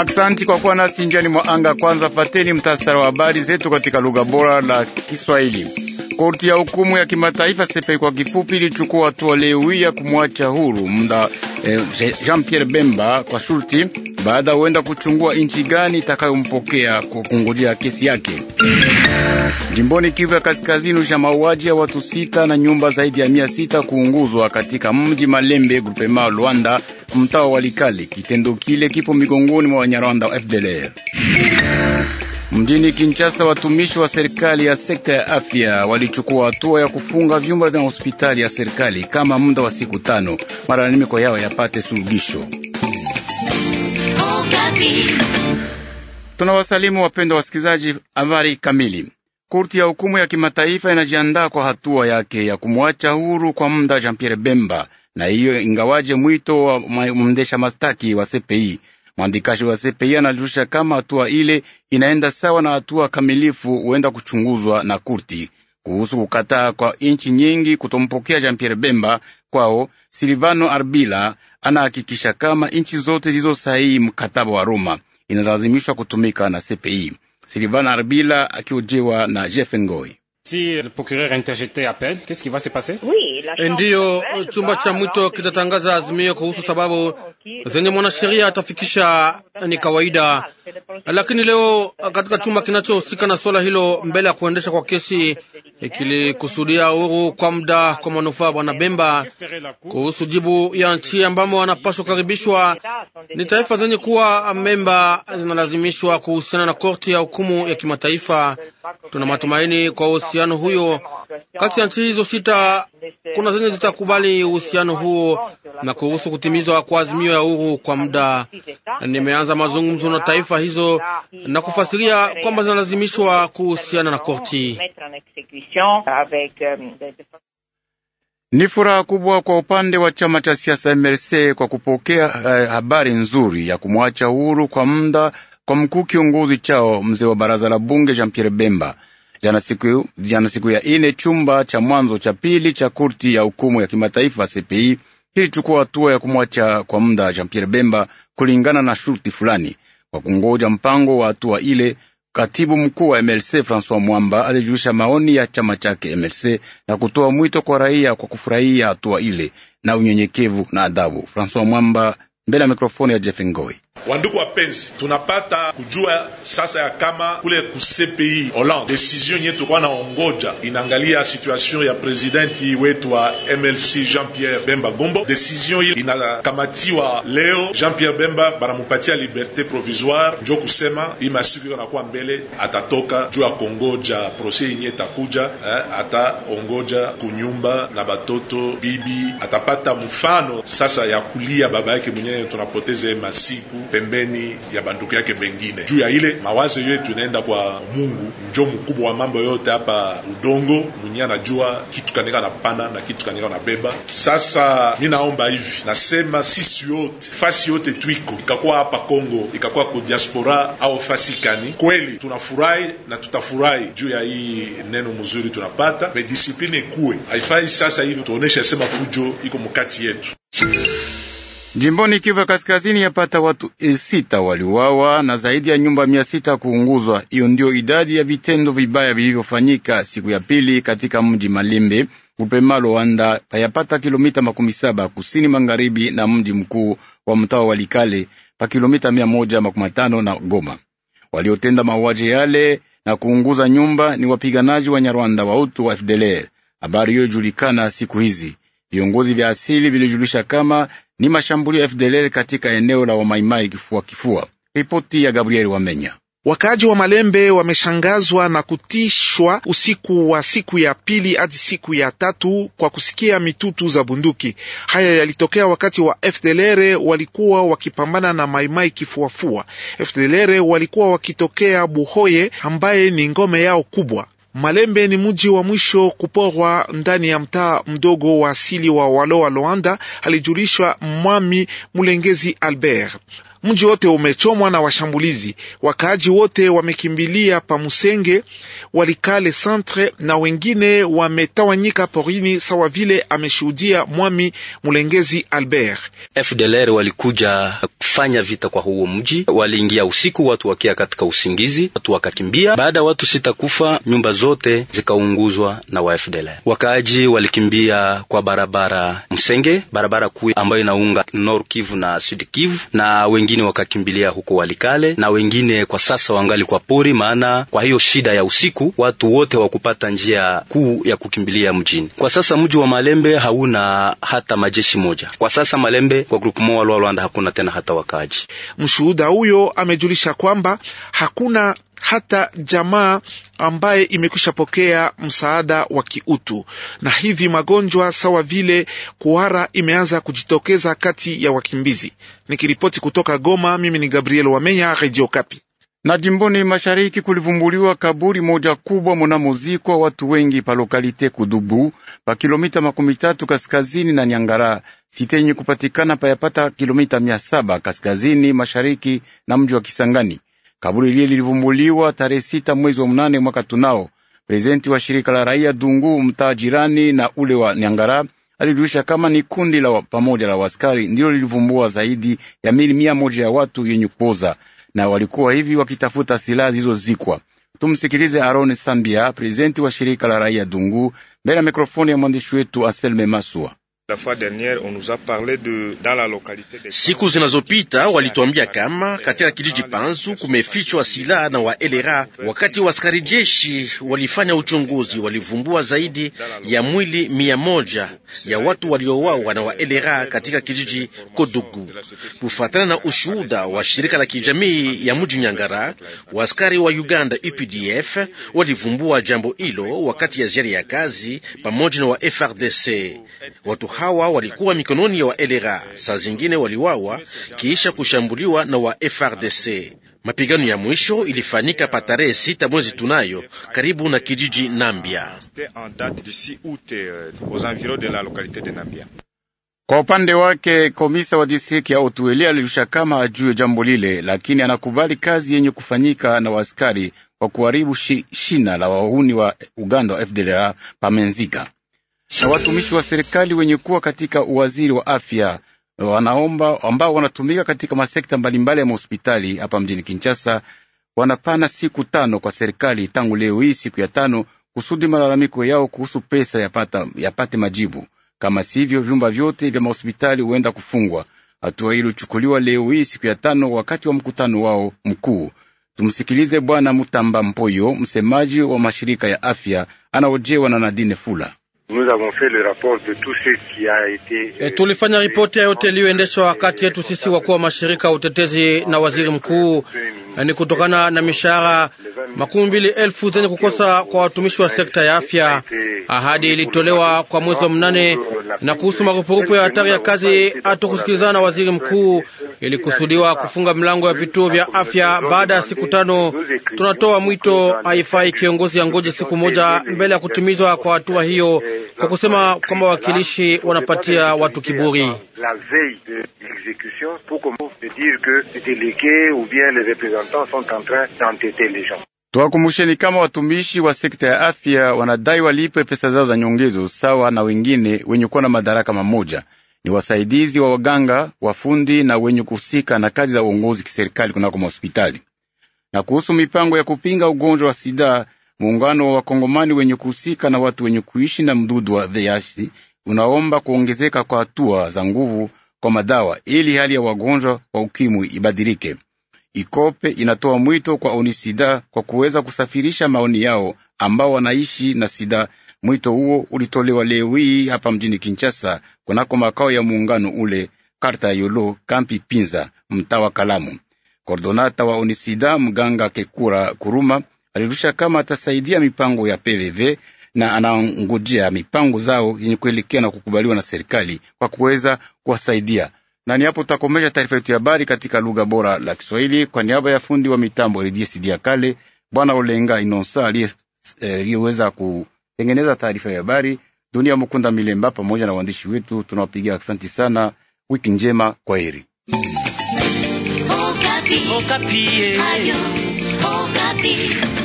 Aksanti kwa kuwa nasi njiani mwa anga. Kwanza fateni mtasara wa habari zetu katika lugha bora la Kiswahili. Korti ya hukumu ya kimataifa Sepei kwa kifupi ilichukua hatua leo hii ya kumwacha huru muda eh, Jean-Pierre Bemba kwa shurti baada huenda kuchungua nchi gani itakayompokea kukungulia kesi yake. Jimboni Kivu ya kaskazini usha mauaji ya watu sita na nyumba zaidi ya mia sita kuunguzwa katika mji Malembe grupema Luanda mtaa wa Walikali. Kitendo kile kipo migongoni mwa Wanyarwanda wa FDLR. Mjini Kinshasa, watumishi wa serikali ya sekta ya afya walichukua hatua ya kufunga vyumba vya hospitali ya serikali kama muda wa siku tano, malalamiko yao yapate suluhisho. Tunawasalimu wapendwa wasikilizaji, habari kamili. Korti ya hukumu ya kimataifa inajiandaa kwa hatua yake ya kumwacha huru kwa muda Jean Pierre Bemba, na hiyo ingawaje mwito wa mwendesha mashtaki wa CPI Mwandikaji wa CPI e anajulisha kama hatua ile inaenda sawa na hatua kamilifu huenda kuchunguzwa na kurti kuhusu kukataa kwa nchi nyingi kutompokea Jean Pierre Bemba kwao. Silvano Arbila anahakikisha kama nchi zote zilizosahihi mkataba wa Roma inazalazimishwa kutumika na CPI. E. Silvano Arbila akiojewa na Jeff Ngoi. Si procureur interjetait appel, qu'est-ce qui va se passer? Eh, ndiyo, chumba cha mwito kitatangaza azimio kuhusu sababu zenye mwanasheria atafikisha, ni kawaida. Lakini leo katika chumba kinachohusika na swala hilo, mbele ya kuendesha kwa kesi, kilikusudia uhuru kwa muda kwa manufaa bwana Bemba kuhusu jibu ya nchi ambamo wanapaswa kukaribishwa ni taifa zenye kuwa memba zinalazimishwa kuhusiana na korti ya hukumu ya kimataifa Tuna matumaini kwa uhusiano huyo kati ya nchi hizo sita, kuna zenye zitakubali uhusiano huo na kuhusu kutimizwa kwa azimio ya uhuru kwa muda. Nimeanza mazungumzo na taifa hizo na kufasiria kwamba zinalazimishwa kuhusiana na korti. Ni furaha kubwa kwa upande wa chama cha siasa MLC kwa kupokea eh, habari nzuri ya kumwacha uhuru kwa muda kwa mkuu kiongozi chao mzee wa baraza la bunge Jean Pierre Bemba jana siku, jana siku ya ine, chumba cha mwanzo cha pili cha kurti ya hukumu ya kimataifa CPI kilichukua hatua ya kumwacha kwa muda Jean Pierre Bemba kulingana na shurti fulani, kwa kungoja mpango wa hatua ile. Katibu mkuu wa MLC Francois Mwamba alijulisha maoni ya chama chake MLC na kutoa mwito kwa raia kwa kufurahia hatua ile na unyenyekevu na adabu. Francois Mwamba mbele ya mikrofoni ya Jeff Ngoi. Wandugu wapenzi, tunapata kujua sasa ya kama kule ku CPI Hollande decision yenye tulikuwa naongoja inaangalia situation ya presidenti wetu wa MLC Jean Pierre Bemba Gombo. Decision ile inakamatiwa leo, Jean Pierre Bemba banamupatia liberté provisoire, njo kusema hii masiku iko mbele atatoka juu ya kongoja procès yenye takuja eh, ataongoja kunyumba na batoto bibi atapata mfano sasa ya kulia baba yake mwenyewe tunapoteza masiku pembeni ya banduku yake bengine. Juu ya ile mawazo yetu inaenda kwa Mungu, njo mkubwa wa mambo yote hapa udongo. Mwenye anajua kitu kanika pana na kitu kanika nabeba. Sasa mi naomba hivi, nasema sisi yote fasi yote twiko, ikakuwa hapa Kongo, ikakuwa ku diaspora au fasi kani, kweli tunafurahi na tutafurahi juu ya hii neno mzuri tunapata. Medisipline kuwe haifai sasa hivi tuoneshe sema fujo iko mkati yetu. Jimboni Kivu ya Kaskazini, yapata watu e, sita waliuawa na zaidi ya nyumba mia sita kuunguzwa. Hiyo ndiyo idadi ya vitendo vibaya vilivyofanyika siku ya pili katika mji malimbe kupema Luanda, payapata kilomita makumi saba kusini magharibi na mji mkuu wa mtaa wa Likale, pa kilomita mia moja makumi tano na Goma. Waliotenda mauaji yale na kuunguza nyumba ni wapiganaji wa Nyarwanda wa utu wa FDLR. Habari hiyo ijulikana siku hizi viongozi vya asili vilijulisha kama ni mashambulio ya FDLR katika eneo la Wamaimai kifua kifua. Ripoti ya Gabriel Wamenya. Wakaaji wa Malembe wameshangazwa na kutishwa usiku wa siku ya pili hadi siku ya tatu kwa kusikia mitutu za bunduki. Haya yalitokea wakati wa FDLR walikuwa wakipambana na maimai kifuafua. FDLR walikuwa wakitokea Buhoye ambaye ni ngome yao kubwa. Malembe ni mji wa mwisho kuporwa ndani ya mtaa mdogo wa asili wa wa Loanda, alijulishwa Mwami Mulengezi Albert. Mji wote umechomwa na washambulizi, wakaaji wote wamekimbilia Pamusenge, Walikale centre na wengine wametawanyika porini, sawa vile ameshuhudia mwami Mulengezi Albert. FDLR walikuja kufanya vita kwa huo mji, waliingia usiku, watu wakia katika usingizi, watu wakakimbia. Baada ya watu sita kufa, nyumba zote zikaunguzwa na wa FDLR. Wakaaji walikimbia kwa barabara Msenge, barabara kuu ambayo inaunga Nord Kivu na Sud Kivu na wengi wengine wakakimbilia huko Walikale na wengine kwa sasa wangali kwa pori, maana kwa hiyo shida ya usiku watu wote wakupata njia kuu ya kukimbilia mjini. Kwa sasa mji wa Malembe hauna hata majeshi moja. Kwa sasa Malembe kwa grupu moja Rwanda hakuna tena hata wakaaji. Mshuhuda huyo amejulisha kwamba hakuna hata jamaa ambaye imekwisha pokea msaada wa kiutu. Na hivi magonjwa sawa vile kuhara imeanza kujitokeza kati ya wakimbizi. Nikiripoti kutoka Goma, mimi ni Gabriel Wamenya, Redio Kapi. Na jimboni mashariki kulivumbuliwa kaburi moja kubwa munamozikwa watu wengi pa lokalite Kudubu pa kilomita makumi tatu kaskazini na Nyangara sitenyi kupatikana payapata kilomita mia saba kaskazini mashariki na mji wa Kisangani. Kaburi lile lilivumbuliwa tarehe sita mwezi wa mnane mwaka tunao. Prezidenti wa shirika la raia Dungu mtaa jirani na ule wa Nyangara alijulisha kama ni kundi la pamoja la waskari ndilo lilivumbua zaidi ya mili mia moja ya watu yenye kuoza, na walikuwa hivi wakitafuta silaha zilizozikwa. Tumsikilize Aron Sambia, prezidenti wa shirika la raia Dungu, mbele ya mikrofoni ya mwandishi wetu aselme Masua. Siku zinazopita walituambia kama katika kijiji Panzu kumefichwa silaha na waelera. Wakati wa askari jeshi walifanya uchunguzi, walivumbua zaidi ya mwili mia moja ya watu waliowawa na waelera katika kijiji Kodugu. Kufuatana na ushuhuda wa shirika la kijamii ya mji Nyangara, waaskari wa Uganda UPDF e walivumbua jambo hilo wakati ya ziara ya kazi pamoja na wa FRDC watu hawa walikuwa mikononi ya wa LRA, saa zingine waliwawa kisha kushambuliwa na wa FRDC. Mapigano ya mwisho ilifanyika pa tarehe sita mwezi tunayo karibu na kijiji Nambia. Kwa upande wake komisa wa distrikti ya Otueli alirusha kama ajue jambo lile, lakini anakubali kazi yenye kufanyika na waaskari kwa kuharibu shi, shina la wahuni wa Uganda wa FDLR pamenzika na watumishi wa serikali wenye kuwa katika uwaziri wa afya wanaomba ambao wanatumika katika masekta mbalimbali ya mahospitali hapa mjini Kinshasa wanapana siku tano kwa serikali tangu leo hii siku ya tano kusudi malalamiko yao kuhusu pesa yapata, yapate majibu. Kama sivyo, vyumba vyote vya mahospitali huenda kufungwa. Hatua hii ilichukuliwa leo hii siku ya tano wakati wa mkutano wao mkuu. Tumsikilize Bwana Mutamba Mpoyo, msemaji wa mashirika ya afya, anaojewa na Nadine Fula tulifanya ripoti ya yote iliyoendeshwa kati yetu sisi wakuu wa mashirika ya utetezi na waziri mkuu. Eh, ni kutokana na mishahara makumi mbili elfu zenye kukosa kwa watumishi wa sekta ya afya. Ahadi ilitolewa kwa mwezi wa mnane. Na kuhusu marupurupu ya hatari ya kazi, hatukusikilizana na waziri mkuu ilikusudiwa kufunga mlango ya vituo vya afya baada ya siku tano. Tunatoa mwito, haifai kiongozi ngoje siku moja mbele ya kutimizwa kwa hatua hiyo, kwa kusema kwamba wawakilishi wanapatia watu kiburi. Tuwakumbusheni kama watumishi wa sekta ya afya wanadai walipe pesa zao za nyongezo sawa na wengine wenye kuwa na madaraka mamoja ni wasaidizi wa waganga, wafundi na wenye kuhusika na kazi za uongozi kiserikali kunako mahospitali. Na kuhusu mipango ya kupinga ugonjwa wa sida, muungano wa wakongomani wenye kuhusika na watu wenye kuishi na mdudu wa VIH unaomba kuongezeka kwa hatua za nguvu kwa madawa ili hali ya wagonjwa wa ukimwi ibadilike. Ikope inatoa mwito kwa onisida kwa kuweza kusafirisha maoni yao ambao wanaishi na sida Mwito huo ulitolewa leo hii hapa mjini Kinshasa, kunako makao ya muungano ule karta ya Yolo kampi Pinza, mtaa wa Kalamu. Kordonata wa Onisida mganga Kekura Kuruma alirusha kama atasaidia mipango ya PVV na anangojea mipango zao yenye kuelekea na kukubaliwa na serikali kwa kuweza kuwasaidia. Na ni hapo tutakomesha taarifa yetu ya habari katika lugha bora la Kiswahili kwa niaba ya fundi wa mitambo Redie Sidia Kale, Bwana Olenga Inonsa eh, aliyeweza ku tengeneza taarifa ya habari. Dunia Mukunda Milemba pamoja na waandishi wetu tunawapigia asanti sana. Wiki njema, kwa heri. Okapi. Okapi. Eh.